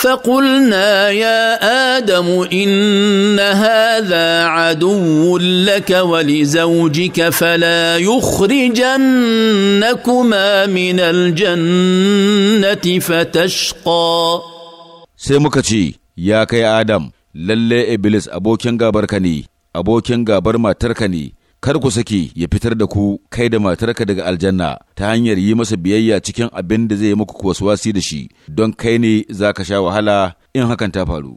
فقلنا يا ادم ان هذا عدو لك ولزوجك فلا يخرجنكما من الجنه فتشقى سيمكتشي يا كي ادم للي ابليس ابوكين بركني ابوكين غابر برما تركني Kar ku saki ya fitar da ku kai da matarka daga aljanna ta hanyar yi masa biyayya cikin abin da zai muku waswasi da shi, don kai ne za ka sha wahala in hakan ta faru.